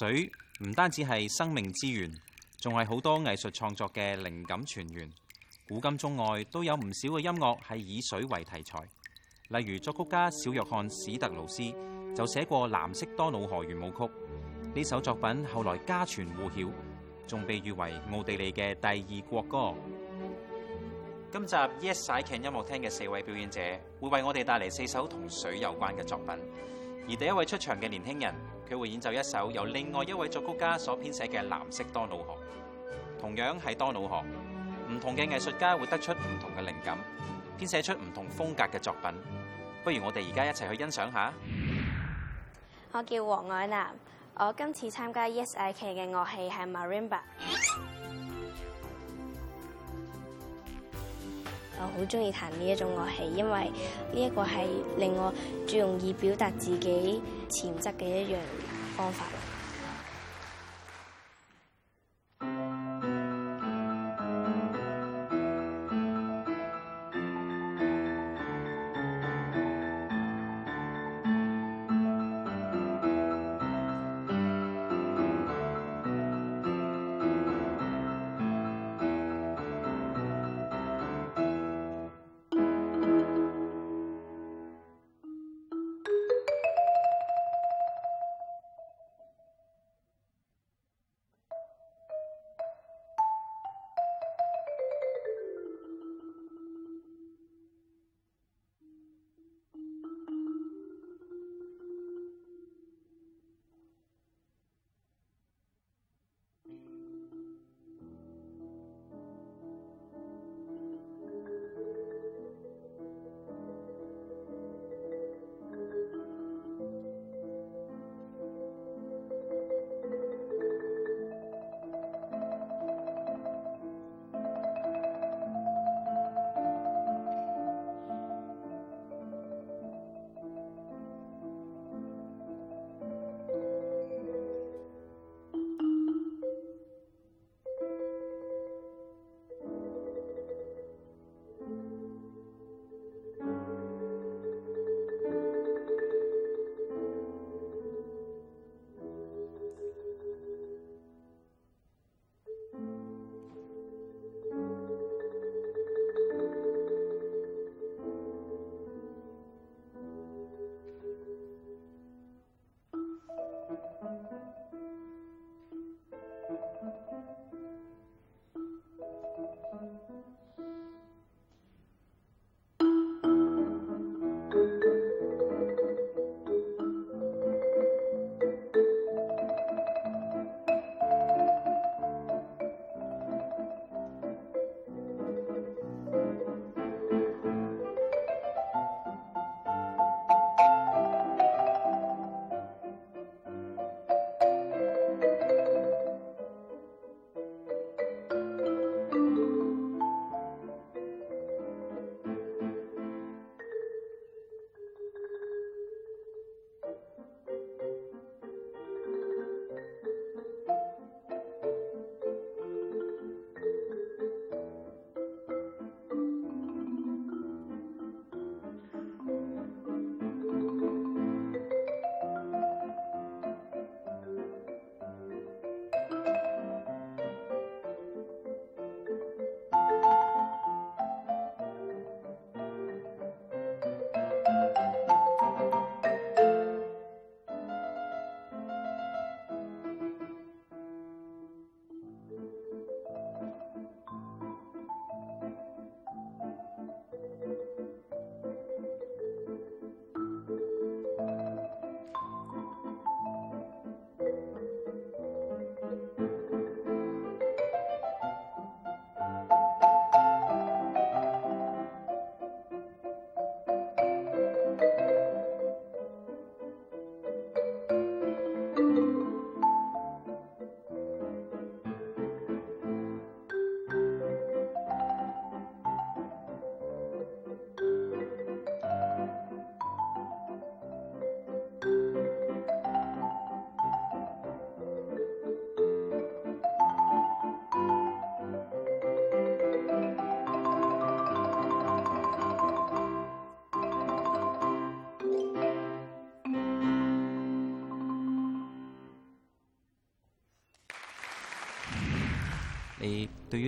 水唔單止係生命之源，仲係好多藝術創作嘅靈感泉源。古今中外都有唔少嘅音樂係以水為題材，例如作曲家小約翰史特勞斯就寫過《藍色多瑙河》圓舞曲。呢首作品後來家傳戶曉，仲被譽為奧地利嘅第二國歌。今集 Yes I Can 音樂廳嘅四位表演者會為我哋帶嚟四首同水有關嘅作品，而第一位出場嘅年輕人。佢會演奏一首由另外一位作曲家所編寫嘅藍色多瑙河，同樣係多瑙河，唔同嘅藝術家會得出唔同嘅靈感，編寫出唔同風格嘅作品。不如我哋而家一齊去欣賞一下。我叫黃愛南，我今次參加 Yes I Can 嘅樂器係 Marimba。我好鍾意彈呢一種樂器，因為呢一個係令我最容易表達自己潛質嘅一樣方法。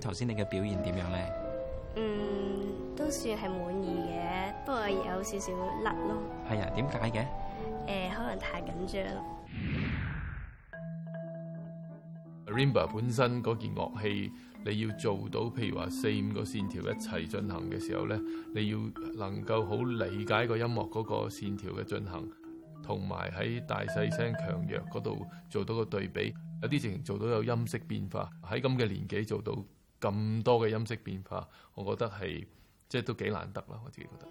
頭先你嘅表現點樣咧？嗯，都算係滿意嘅，不過有少少甩咯。係啊，點解嘅？誒、呃，可能太緊張咯。Rimba 本身嗰件樂器，你要做到譬如話四五個線條一齊進行嘅時候咧，你要能夠好理解個音樂嗰個線條嘅進行，同埋喺大細聲強弱嗰度做到個對比，有啲仲做到有音色變化。喺咁嘅年紀做到。咁多嘅音色變化，我覺得係即係都幾難得啦，我自己覺得。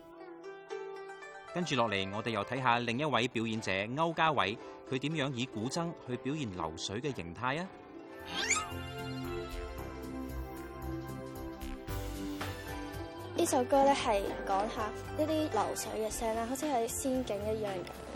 跟住落嚟，我哋又睇下另一位表演者歐家偉，佢點樣以古箏去表現流水嘅形態啊？呢首歌咧係講下呢啲流水嘅聲啦，好似喺仙境一樣嘅。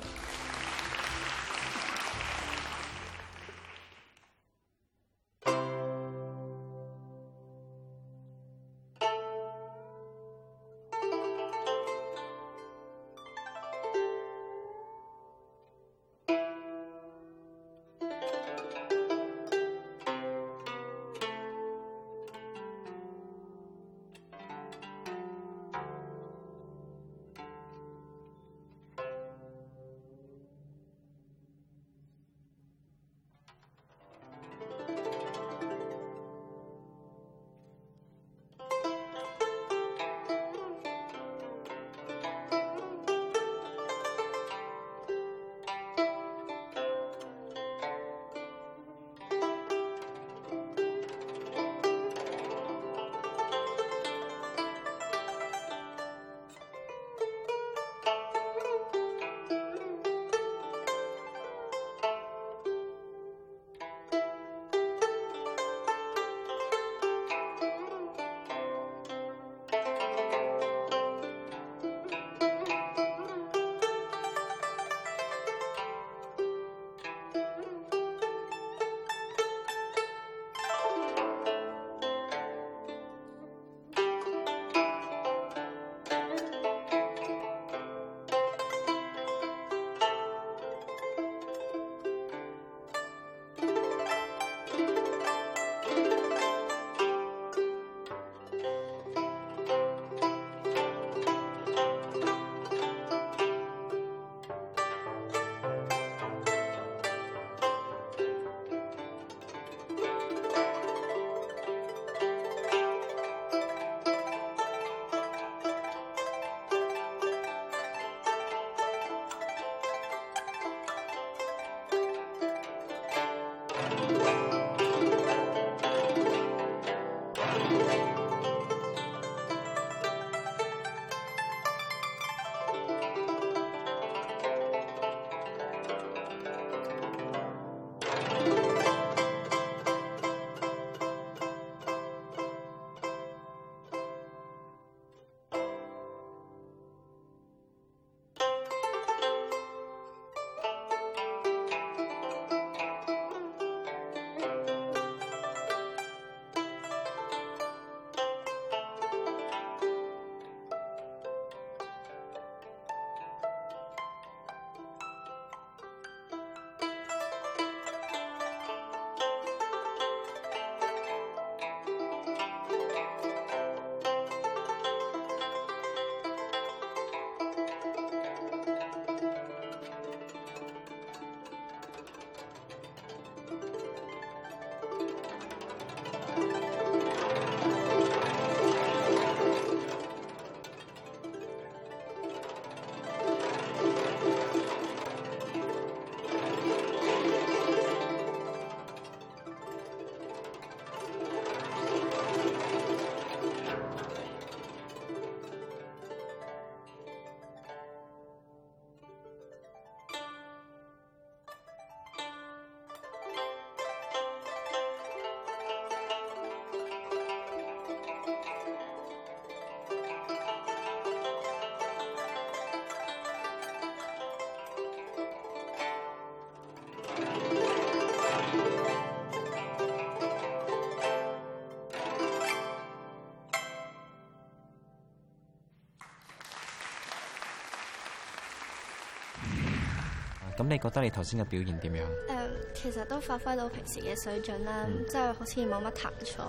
咁你覺得你頭先嘅表現點樣？誒、呃，其實都發揮到平時嘅水準啦，即、嗯、係、就是、好似冇乜彈錯，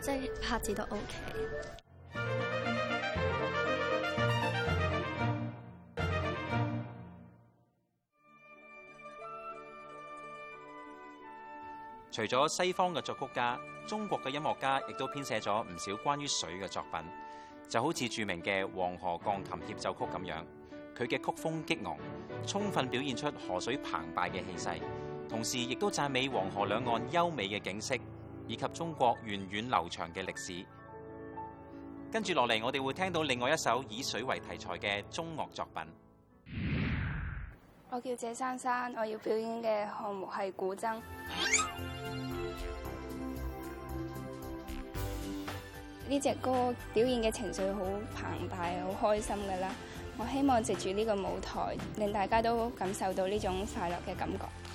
即、就、係、是、拍子都 OK。除咗西方嘅作曲家，中國嘅音樂家亦都編寫咗唔少關於水嘅作品，就好似著名嘅《黃河鋼琴協奏曲》咁樣。佢嘅曲風激昂，充分表現出河水澎湃嘅氣勢，同時亦都贊美黃河兩岸優美嘅景色，以及中國源遠流長嘅歷史。跟住落嚟，我哋會聽到另外一首以水為題材嘅中樂作品。我叫謝珊珊，我要表演嘅項目係古箏。呢隻 歌表演嘅情緒好澎湃，好開心㗎喇。我希望藉住呢個舞台，令大家都感受到呢種快樂嘅感覺。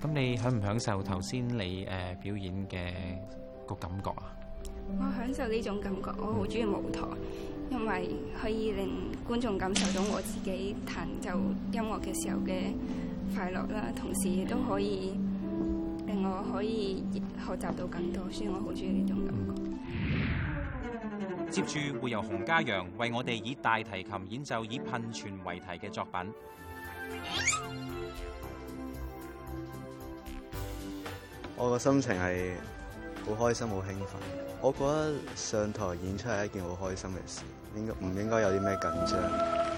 咁你享唔享受頭先你誒，表演嘅個感覺啊？我享受呢種感覺，我好中意舞台，因為可以令觀眾感受到我自己彈奏音樂嘅時候嘅快樂啦，同時亦都可以令我可以學習到更多，所以我好中意呢種感覺。接住會由洪嘉陽為我哋以大提琴演奏以噴泉為題嘅作品。我個心情係好開心、好興奮。我覺得上台演出係一件好開心嘅事，應該唔應該有啲咩緊張？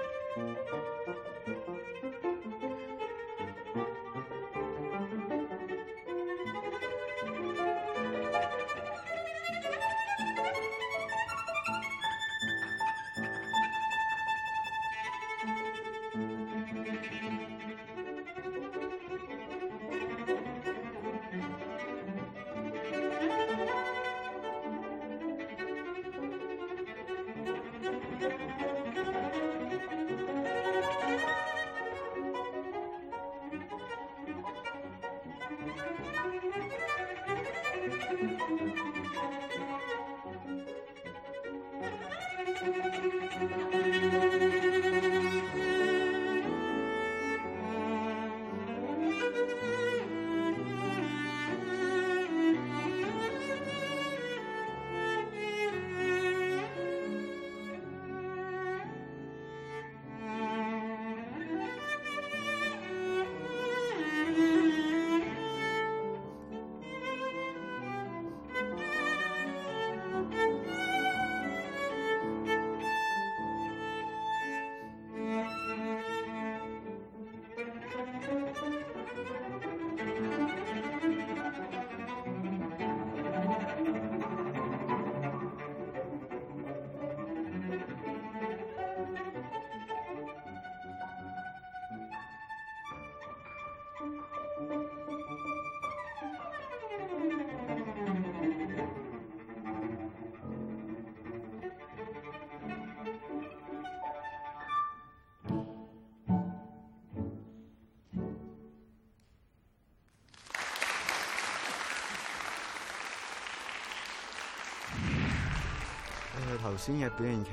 頭先嘅表演劇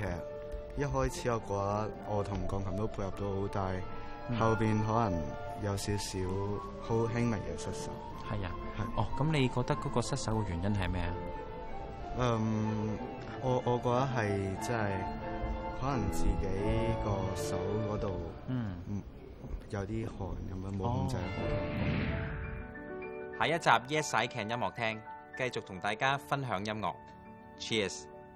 一開始我覺得我同鋼琴都配合到好大，係後邊可能有少少好輕微嘅失手。係啊，係。哦，咁你覺得嗰個失手嘅原因係咩啊？嗯，我我覺得係即係可能自己個手嗰度嗯有啲寒咁樣冇控制。下一集 Yes 洗劇音樂廳繼續同大家分享音樂，Cheers！